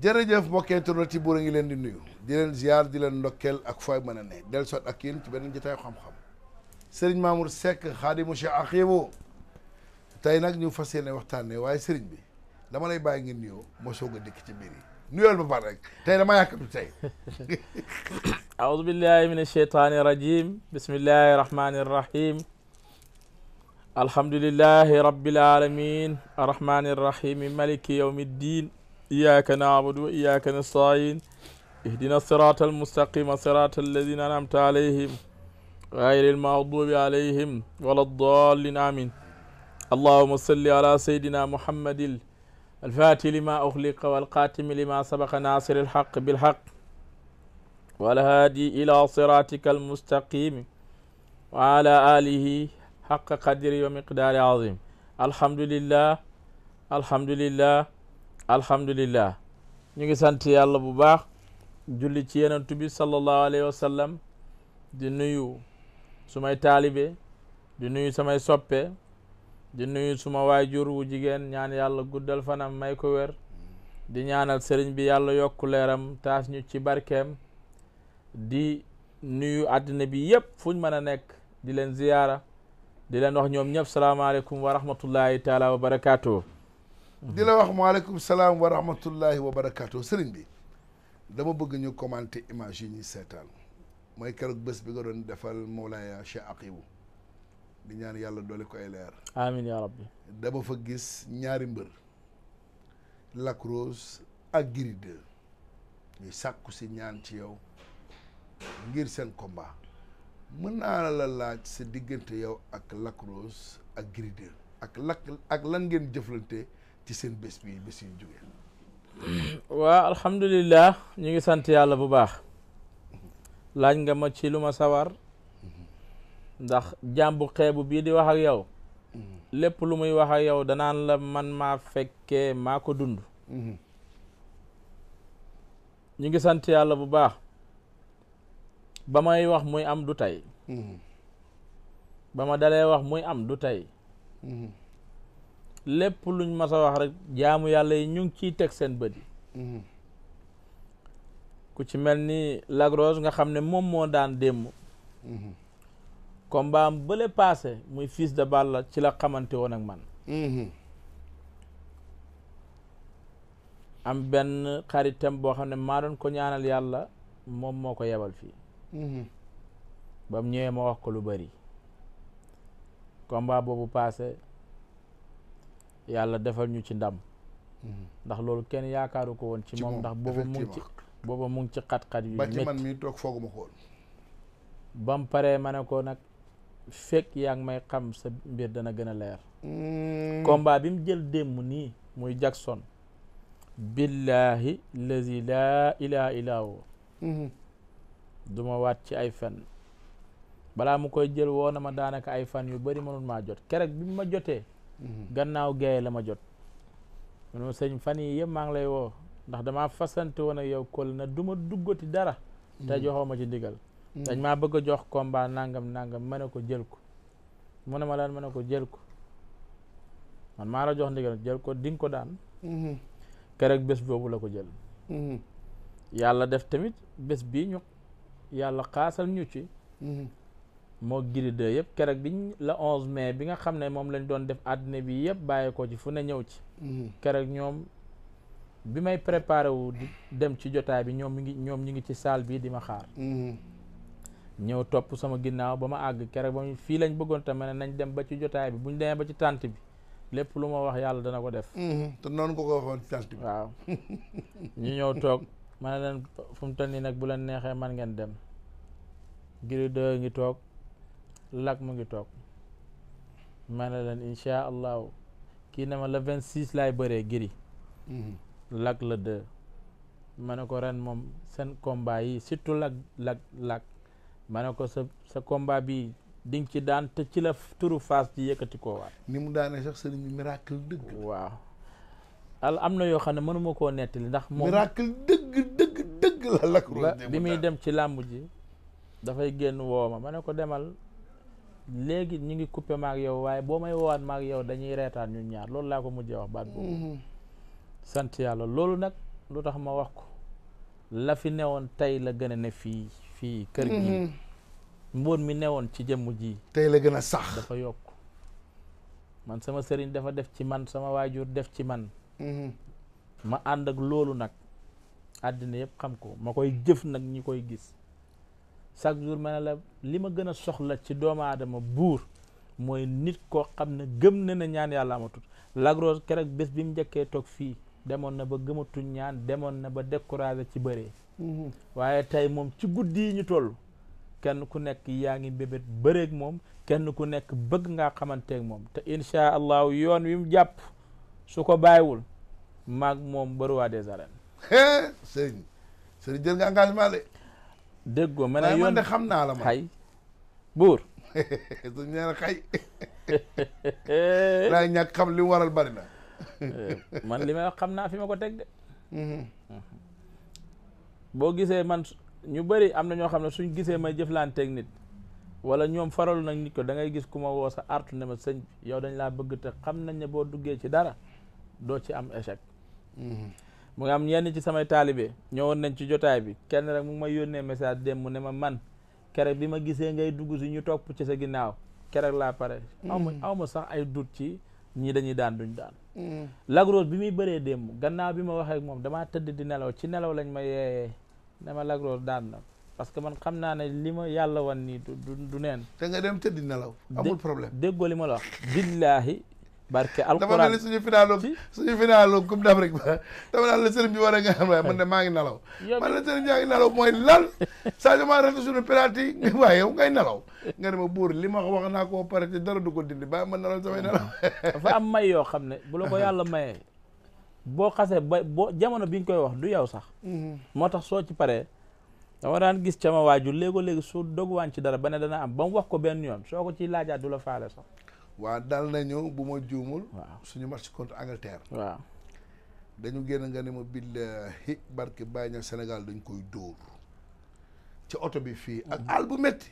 jërëjëf mbokk internet yi buur a ngi leen di nuyu di leen ziar di leen ndokkeel ak fooy mën a ne del sot ak yéen ci beneen jotaay xam-xam sëriñ Mamour Seck xaadimu Cheikh Akhibou tey nag ñu fas waxtaan waxtaanee waaye sëriñ bi dama lay bàyyi ngeen nuyoo ma soog a dikk ci mbir yi nuyoo ba pare rek tey dama yàkkatu tey aoudu billahi min alsheytani rajim bismillahi rahmani rahim alhamdulillahi rabbil alamin arrahmani rahim إياك نعبد وإياك نستعين اهدنا الصراط المستقيم صراط الذين أنعمت عليهم غير المغضوب عليهم ولا الضالين آمين اللهم صل على سيدنا محمد الفاتح لما أغلق والقاتم لما سبق ناصر الحق بالحق والهادي إلى صراطك المستقيم وعلى آله حق قدر ومقدار عظيم الحمد لله الحمد لله alhamdulillah ñu ngi sant yàlla bu baax julli ci yenentu bi sallallahu alayhi di nuyu sumay taalibe di nuyu samay soppe di nuyu suma waajur wu jigéen ñaan yàlla guddal fanam may ko wér di ñaanal sëriñ bi yàlla yokku leeram taas ñu ci barkeem di nuyu àddina bi yëpp fu ñu mën a nekk di leen ziyaara di leen wax ñoom ñëpp salaamaaleykum wa rahmatullahi taala wa barakaatu. di la wax maaleykum salaam wa rahmatullahi wa barakaatu sëriñ bi dama bëgg ñu commenter image yi ñuy seetaan mooy keroog bés bi nga doon defal Mawlaya ak Aqibu di ñaan yàlla doole koy leer. amiin yaa rabbi. dama fa gis ñaari mbër. Lac ak Gris 2 sàkku si ñaan ci yow ngir seen komba mën naa la laaj sa diggante yow ak Lac ak Gris ak lak ak lan ngeen jëflante. ci seen bés bi bés yu jógee waaw alhamdulilah ñu ngi sant yàlla bu baax laaj nga ma ci lu ma sawar ndax jàmbu xeebu bii di wax ak yow lépp lu muy wax ak yow danaan la man maa fekkee maa ko dund ñu ngi sant yàlla bu baax ba may wax muy am du tey ba ma dalee wax muy am du tey lépp luñ mas a wax rek jaamu yàlla yi ñu ngi ciy teg seen bët yi mhm. ku ci mel ni Lagrosse nga xam ne moom moo daan démb mhm. combat am bële paase muy fils de Balla ci la xamante woo nag man mhm. am benn xaritam boo xam ne maa doon ko ñaanal yàlla moom moo ko yebal fii ba mu ñëwee ma wax ko lu bari combat boobu paase yàlla defal ñu ci ndam hmm. ndax loolu kenn yaakaaru ko woon ci moom ndax booba mu booba mu ngi ci xat-xat yu métti man toog fooguma ko woon ba mu paree ma ne ko nag fekk yaa ngi may xam sa mbir dana gën a leer hmm. combat bi mu jël démb nii muy Jackson billahi lazi laa ilaha illaa hu hmm. du waat ci ay fen balaa mu koy jël woo na ma daanaka ay fan yu bari mënul maa jot keroog bi mu ma jotee Mhm. gannaaw gaye la ma jot mu ne ma sëñ fan yi yëpp maa ngi lay woo ndax damaa fasante woon ak yow kol na du ma duggati dara te mhm. joxoo ma ci ndigal mhm. dañ maa bëgg a jox combat nangam nangam ma ne ko jël ko mu ne ma lan ma ne ko jël ko man maa la jox ndigal jël ko di ko daan keroog bés boobu la ko jël yàlla def tamit bés bii ñu yàlla xaasal ñu ci moo Gris 2 yëpp keroog biñ la onze mais bi nga xam ne moom lañ doon def àddina bi yëpp bàyyi ko ci fu ne ñëw ci. Mm-hmm. keroog ñoom bi may préparé wu dem ci jotaay bi ñoom ñu ngi ñoom ñu ngi ci salle bi di ma xaar. Mm-hmm. ñëw topp sama ginnaaw ba ma àgg keroog ba fii lañ bëggoon tamit ne nañ dem ba ci jotaay bi buñ demee ba ci tànt bi lépp lu ma wax yàlla dana ko def. Mm-hmm. te noonu ko ko waxoon ci bi. waaw ñu ñëw toog ma ne leen fu mu toll nii nag bu leen neexee man ngeen dem Gris 2 ngi toog. lak mu ngi toog ma ne leen incha allahu kii ne ma le vingt six laay bëree giri lak le deux ma ne ko ren moom seen combat yi surtout lak lak lak ma ne ko sa sa combat bi di nga ci daan te ci la turu fas ji yëkkati koo waat ni mu daanee sax sëriñ bi miracle dëgg waaw al am na yoo xam ne mënuma koo nettali ndax moom miracle dëgg dëgg dëgg la lak bi muy dem ci làmb ji dafay génn wooma ma ne ko demal léegi ñu ngi coupé maak yow waaye boo may woowaat maag yow dañuy reetaan ñu ñaar loolu laa ko mujjee wax baat boobu mm-hmm. sant yàlla loolu nag lu tax ma wax ko la fi newoon tey la gën a ne fii fii kër gi mm-hmm. mbóot mi newoon ci jëmm ji tey la gën a sax dafa yokk man sama sëriñ dafa def ci man sama waajur def ci man mm-hmm. ma ànd ak loolu nag àddina yëpp xam ko ma koy jëf nag ñi koy gis chaque jour ma ne la li ma gën a soxla ci doomu aadama buur mooy nit koo xam ne gëm na ne ñaan yàlla amatul lagros keroog bés bi mu njëkkee toog fii demoon na ba gëmatuñ ñaan demoon na ba découragé ci bëree mm-hmm. waaye tey moom ci guddi yi ñu toll kenn ku nekk yaa ngi bébét bëreek moom kenn ku nekk bëgg ngaa xamanteeg moom te incha allahu yoon wi mu jàpp su ko bàyyiwul maag moom ba roi des arènes sëriñ sëriñ jël nga engagement de déggoo ma man de xam naa la ma xay buur suñ nee xay laay ñàkk xam li mu waral bari na eh, man li may xam naa fi ma ko teg de mm-hmm. Mm-hmm. boo gisee man ñu bëri am na ñoo xam ne suñ gisee may jëflanteeg nit wala ñoom faralu nag nit ko da ngay gis ku ma woo sa artu ne ma sëñ yow dañ laa bëgg te xam nañ ne boo duggee ci dara doo ci am échec mm-hmm. mu nga am yenn ci samay taalibe ñëwoon nañ ci jotaay bi kenn rek mu may yónnee message dem ne ma man keroog bi ma gisee ngay dugg si ñu topp ci sa ginnaaw keroog laa pare mm. aw ma sax ay dut ci ñii dañuy daan duñ daan mm. lagroos bi muy bëree démb gannaaw bi ma waxee moom damaa tëdd di nelaw ci nelaw lañ ma yeeyee ne ma lagroos daan na parce que man xam naa ne li ma yàlla wan nii du du neen te nga dem tëdd nelaw amul problème déggoo li ma la billaahi barke alquran dama ne suñu finaalu suñu finaalu coupe d'Afrique ba dama naan la sëriñ bi a nga xam waaye man de maa ngi nalaw man la sëriñ bi yaa ngi nalaw mooy lal Sadio Mané rate suñu penalty waaye yow ngay nalaw nga ne ma buur li ma wax naa koo pare te dara du ko dindi ba man nalaw samay nalaw dafa am may yoo xam ne bu la ko yàlla mayee boo xasee ba boo jamono bi ñu koy wax du yow sax mhm. moo tax soo ci paree dama daan gis ca ma waajur léegoo léegi su dog waan ci dara ba ne dana am ba mu wax ko benn yoon soo ko ciy laajaat du la faale sax waa dal nañu bu ma juumul. suñu match contre Angleterre. waaw dañu génn nga ne ma billahi barke bàyyi na Sénégal dañ koy dóor ci oto bi fii ak mm-hmm. àll bu metti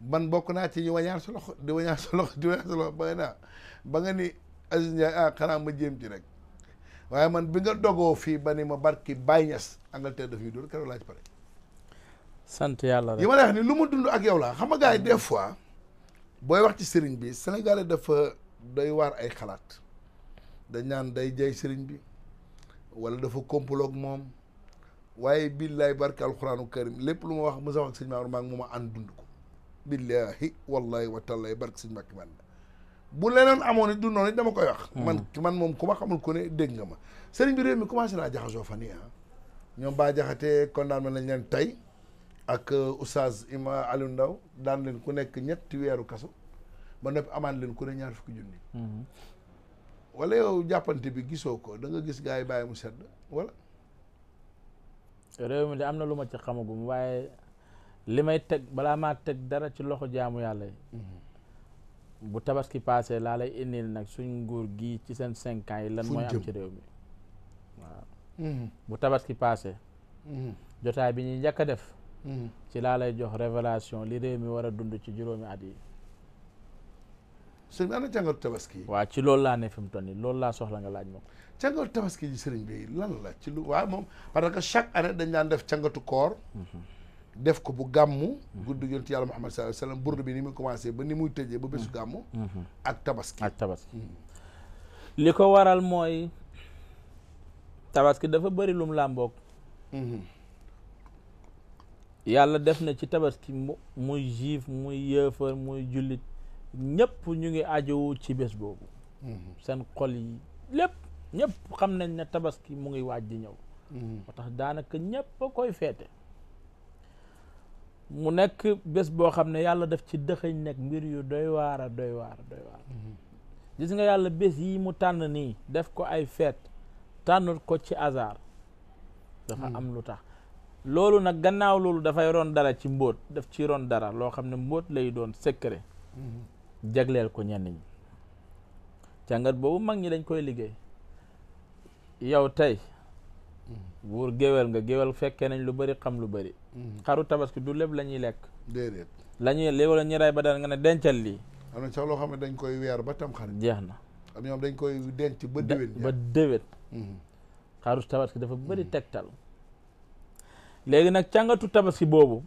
man bokk naa ci ñu wañaar sa loxo di wañaar sa loxo di wañaar sa loxo ba nga naa ba nga ni Aziz Ndiaye ah, xanaa ma jéem ci rek waaye man bi nga dogoo fii ba ni ma barki Baye Niass Angleterre daf ñuy dóor keroog laa ci pare. sant yàlla yi ma lay wax ni lu ma dund ak yow laa xam nga gars yi des fois. booy wax ci sëriñ bi sénégalais dafa day waar ay xalaat dañ naan day jay sëriñ bi wala dafa complot moom waaye billaay barke alxuraanu karim lépp lu ma wax mos a wax ak sëñ Maodo maa ngi dund ko billahi wallahi wa tallahi barke sëñ Mbàkke Balla bu leneen amoon it du noonu it dama koy wax. Hmm. man man moom ku ma xamul ko ne dégg nga ma sëriñ bi réew mi commencé naa jaxasoo fan yii ah. ñoom baa jaxatee condamné nañ leen tey. ak euh, oustaz Ima Aliou Ndaw daan leen ku nekk ñetti weeru kaso ba noppi amaan leen ku ne ñaar fukki junni mhm. wala yow jàppante bi gisoo ko danga gis gars yi bàyyi mu sedd wala réew mi de am na lu ma ci xamagum waaye li may teg balaa maa teg dara ci loxo jaamu yàlla yi mhm. bu tabaski paase laa lay indil nag suñ nguur gi ci seen cinq yi lan mooy am ci réew mi mhm. bu tabaski paase jotaay bi ñuy njëkk a def ci laa lay jox révélation li réew mi war a dund ci juróomi at yi sëriñ bi ana jàngatu tabaski ci loolu laa ne fi mu toll nii loolu laa soxla nga laaj ma ko jàngatu tabaski ji sëriñ bi lan la ci lu waaye moom parce que chaque année dañ daan def jàngatu koor def ko bu gàmmu guddi yonent yàlla Muhammad sallallahu alayhi wasallam burdu bi ni muy commencé ba ni muy tëjee ba bésu gàmmu ak tabaski ak tabaski hmm. li ko waral mooy tabaski dafa bëri lum làmboog hmm. yàlla def na ci tabaski muy juif muy yëefar muy jullit ñëpp ñu ngi ajowu ci bés boobu mhm. seen xol yi lépp ñëpp xam nañ ne tabaski mu ngi waaj di ñëw mhm. moo tax daanaka ñëpp a koy feete mu nekk bés boo xam ne yàlla def ci dëxëñ nekk mbir yu doy waara doy waara doy waara mhm. gis nga yàlla bés yi mu tànn nii def ko ay feet tànnut ko ci hasard dafa am lu tax loolu nag gannaaw loolu dafay roon dara ci mbóot def ci roon dara loo xam ne mbóot lay doon secret mm-hmm. jegleel ko ñenn ñi càngat boobu mag ñi dañ koy liggéey yow tey mm-hmm. buur géwél nga géwél fekkee nañ lu bari xam lu bari mm-hmm. xaru tabaski du lépp la ñuy lekk déedéet la ñuy léegi rey ba dara nga ne dencal lii am na loo xam ne dañ koy weer ba tam xarit jeex na am ñoom dañ koy denc ba déwét ba tabaski dafa bari tegtal léegi nag càngatu tabaski boobu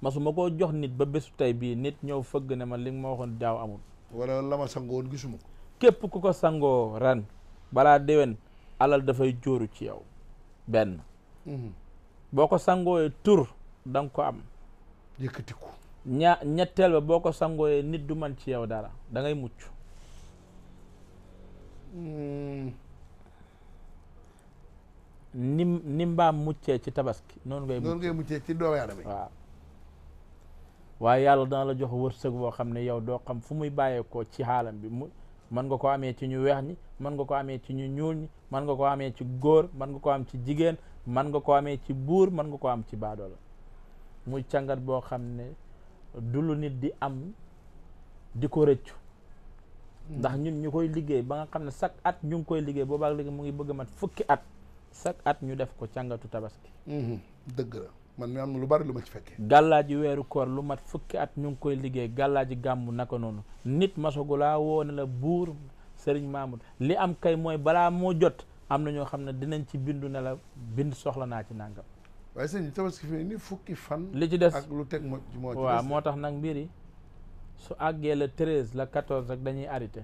masuma koo jox nit ba bésu tey bii nit ñëw fëgg ne ma li nga ma waxoon daaw amul wala la ma sangoon gisuma ko képp ku ko sangoo ren balaa déwén alal dafay jóoru ci yow benn mhm. boo ko sangooyee tur da ko am yëkkatiku ña ñetteel ba boo ko sangooyee nit du man ci yow dara dangay mucc hmm. nim ni mbaam muccee ci tabaski noonu ngay noonu ngay muccee ci doomu aadama waaye yàlla dana la jox wërsëg boo xam ne yow doo xam fu muy bàyyeekoo ci xaalam bi mu mën nga ko amee ci ñu weex ni mën nga ko amee ci ñu ñuul mën nga ko amee ci góor mën nga ko am ci jigéen mën nga ko amee ci buur mën nga ko am ci baadoo mu muy boo xam ne du nit di am di ko rëccu hmm. ndax ñun ñu koy liggéey ba nga xam ne chaque at ñu ngi koy liggéey boobaak léegi mu ngi bëgg a fukki at chaque at ñu def ko càngatu tabaski. Mhm. dëgg la man mi am na lu bari lu ma ci fekkee. gàllaaji weeru koor lu mat fukki at ñu ngi koy liggéey gàllaaji gàmmu naka noonu nit masagulaa woo ne la buur Serigne Mamoud li am kay mooy balaa moo jot am na ñoo xam ne dinañ ci bindu ne la bind soxla naa ci nàngam waaye sëñ tabaski fi ni fukki fan. li ci def ak lu teg moo ci des waaw moo tax nag mbir yi su àggee le treize la quatorze rek dañuy arrêté.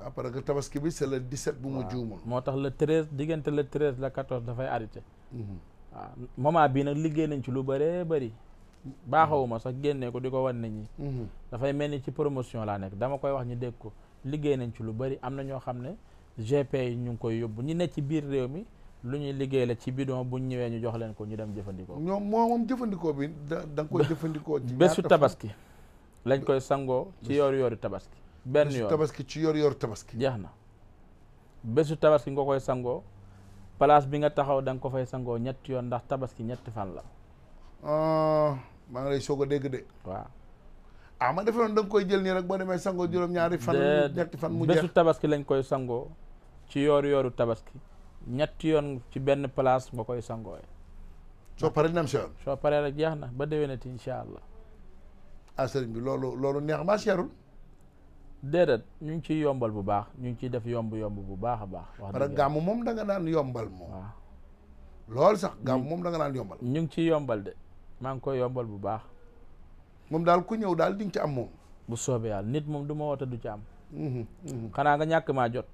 waaw parce que tabaski bi c'est le 17 bu ma juumul moo tax le 13 diggante le 13 la 14 dafay arrêté. Mhm. waaw moment bii nag liggéey nañ ci lu bëree bëri. baaxawuma sax génnee ko di ko wan nañ ñi. Mhm. dafay mel ni ci promotion laa nekk dama koy wax ñu dégg ko liggéey nañ ci lu bari am na ñoo xam ne GP yi ñu ngi koy yóbbu ñu nekk ci biir réew mi lu ñuy liggéey la ci bidon bu ñëwee ñu jox leen ko ñu dem jëfandikoo. ñoom moom moom jëfandikoo bi da koy jëfandikoo. ci tabaski lañ koy sangoo ci yoor yooru tabaski. benn yoon tabaski ci yor yor tabaski jeex na bésu tabaski nga koy sangoo place bi nga taxaw danga ko fay sangoo ñetti yoon ndax tabaski ñetti fan la ah, maa ngi lay soog a dégg waaw ah ma defe noonu koy jël nii rek boo demee sangoo juróom-ñaari fan fan mu jeex bésu tabaski lañ koy sangoo ci yoor yooru tabaski ñetti yoon ci benn place nga koy sangoo soo paree dina si yoon soo paree rek jeex na ba déwénati incha allah ah sëriñ bi loolu loolu neex maa seerul déedéet ñu ngi ciy yombal bu baax ñu ngi ciy def yomb yomb bu baax a baax. wax parce gàmm moom da nga daan yombal moom. waaw sax gàmm moom da nga daan yombal. ñu ngi ciy yombal de maa ngi koy yombal bu baax. moom daal ku ñëw daal di nga ci am moom. bu soobee yàlla nit moom du ma woote du ci am. Mhm, mhm. xanaa nga ñàkk maa jot.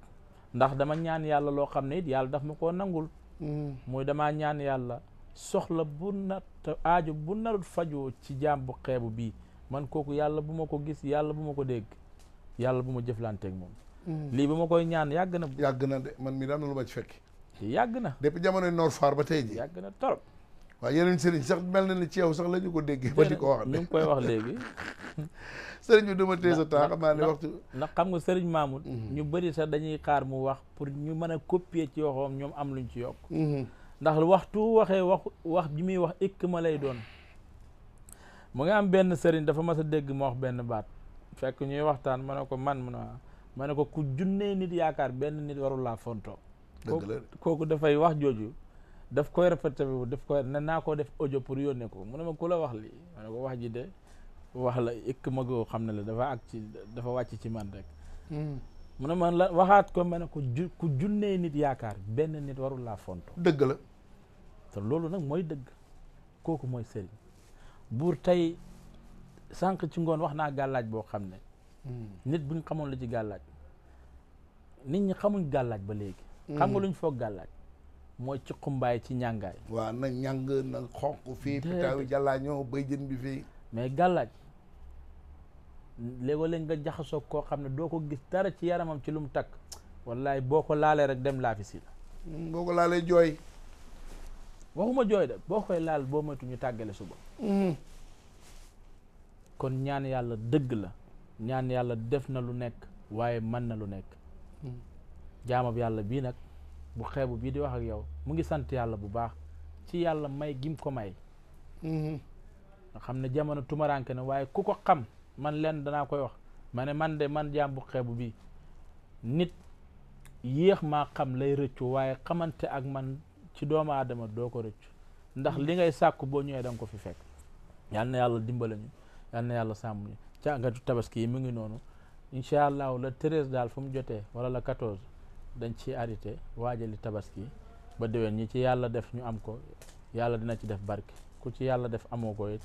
ndax dama ñaan yàlla loo xam ne it yàlla daf ma koo nangul. muy mhm. damaa ñaan yàlla soxla bu na aajo bu narut fajoo ci jaam bu xeebu bii man kooku yàlla bu ma ko gis yàlla bu ma ko dégg. yàlla bu ma jëflanteeg moom. Mm. lii ba ma koy ñaan yàgg na. yàgg na man mii daan na lu ma ci fekk. yàgg na depuis jamonoy Noor Faar ba tey ji yàgg na trop. waaw yeneen sëriñ sax mel na ni ci yow sax la ko déggee. ba di ko koy wax léegi. sëriñ ndax xam nga sëriñ Mamoud. Mm-hmm. ñu bëri sax dañuy xaar mu wax pour ñu mën a copier ci waxoom ñoom am luñ ci yokk. Mm-hmm. ndax waxtu waxee wax wax bi muy wax ikk ma lay doon. mu nga am benn sëriñ dafa mas a dégg ma wax benn baat. fekk ñuy waxtaan ma ne ko man mun a ma ne ko ku junnee nit yaakaar benn nit warul laa fontoo kooku dafay wax jooju daf koy répété bi daf koy ne naa koo def audio pour yónnee mu ne ma ku la wax lii ne ko wax ji de wax la ikk ma xam ne la dafa dafa wàcc ci man rek hmm. mu ne ma la waxaat ko ma ne ko ku junnee nit yaakaar benn nit warul laa fontoo dëgg la te loolu nag mooy dëgg kooku mooy sëriñ buur tey sànq ci ngoon wax naa gàllaaj boo xam ne hmm. nit buñ xamoon la ci gàllaaj nit ñi xamuñ gàllaaj ba léegi hmm. xam nga luñ foog gàllaaj mooy ci xumbaay ci ñàngaay waaw nag ñàng nag xonq fii pitaawi jàllaañoo bay jën bi fii mais gàllaaj léeg-léeg nga jaxasoo koo xam ne doo ko gis dara ci yaramam ci lu mu takk wallaay boo ko laalee rek dem laafi si la hmm, boo ko laalee jooy waxuma jooy de boo koy laal boo moytu ñu tàggale suba kon ñaan yàlla dëgg la ñaan yàlla def na lu nekk waaye man na lu nekk hmm. jaamab yàlla bii nag bu xeebu bii di wax ak yow mu ngi sant yàlla bu baax ci yàlla may gim ko may hmm. xam ne jamono tumuraanke ne waaye ku ko xam man leen danaa koy wax ma man de man jaam bu xeebu bii nit yéex maa xam lay rëccu waaye xamante ak man ci doomu aadama doo ko rëccu ndax hmm. li ngay sàkku boo ñëwee da nga ko fi fekk yal yàlla dimbale ñu yal na yàlla sàmm ñu ca nga tabaski yi mu ngi noonu incha allahu la treize daal fu mu jotee wala la quatorze dañ ci arrêté waajali tabaski ba déwén ñi ci yàlla def ñu am ko yàlla dina ci def barki ku ci yàlla def amoo ko it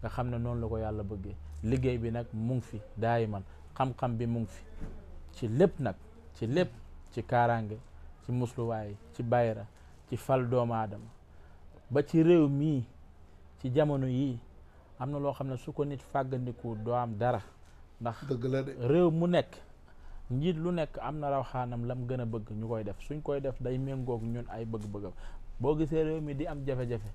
nga xam ne noonu la ko yàlla bëggee liggéey bi nag mu fi daayi man xam-xam bi mu ngi fi ci lépp nag ci lépp ci kaaraange ci musluwaay ci bayra ci fal doomu aadama ba ci réew mii ci jamono yii am na loo xam ne su ko nit fàggandiku doo am dara ndax dëgg réew mu nekk njiit lu nekk am na raw la mu gën a bëgg ñu koy def suñ koy def day méngoog ñun ay bëgg-bëggam boo gisee réew mi di am jafe-jafe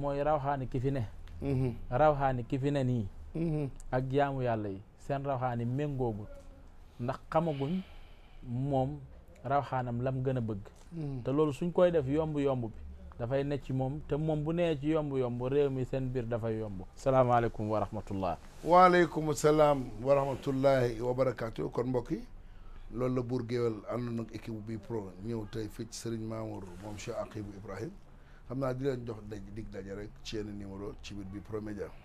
mooy raw ki fi ne mhm. raw ki fi ne nii mhm. ak jaamu yàlla yi seen raw xaani ndax xamaguñ moom raw xaanam lam gën a bëgg mhm. te loolu suñ koy def yomb yomb bi dafay ne ci moom te moom bu nee ci yomb-yomb réew mi seen biir dafay yomb salaamaaleykum wa rahmatullah waaleykum salaam wa rahmatullahi wa barakaatu kon mbokk yi loolu la buur géwél àndoon ak équipe bi pro ñëw tey fii ci Serigne Mamour moom Cheikh Aqibou Ibrahim xam naa di leen jox daj dig daje rek ci yenn numéro ci biir bi Pro Média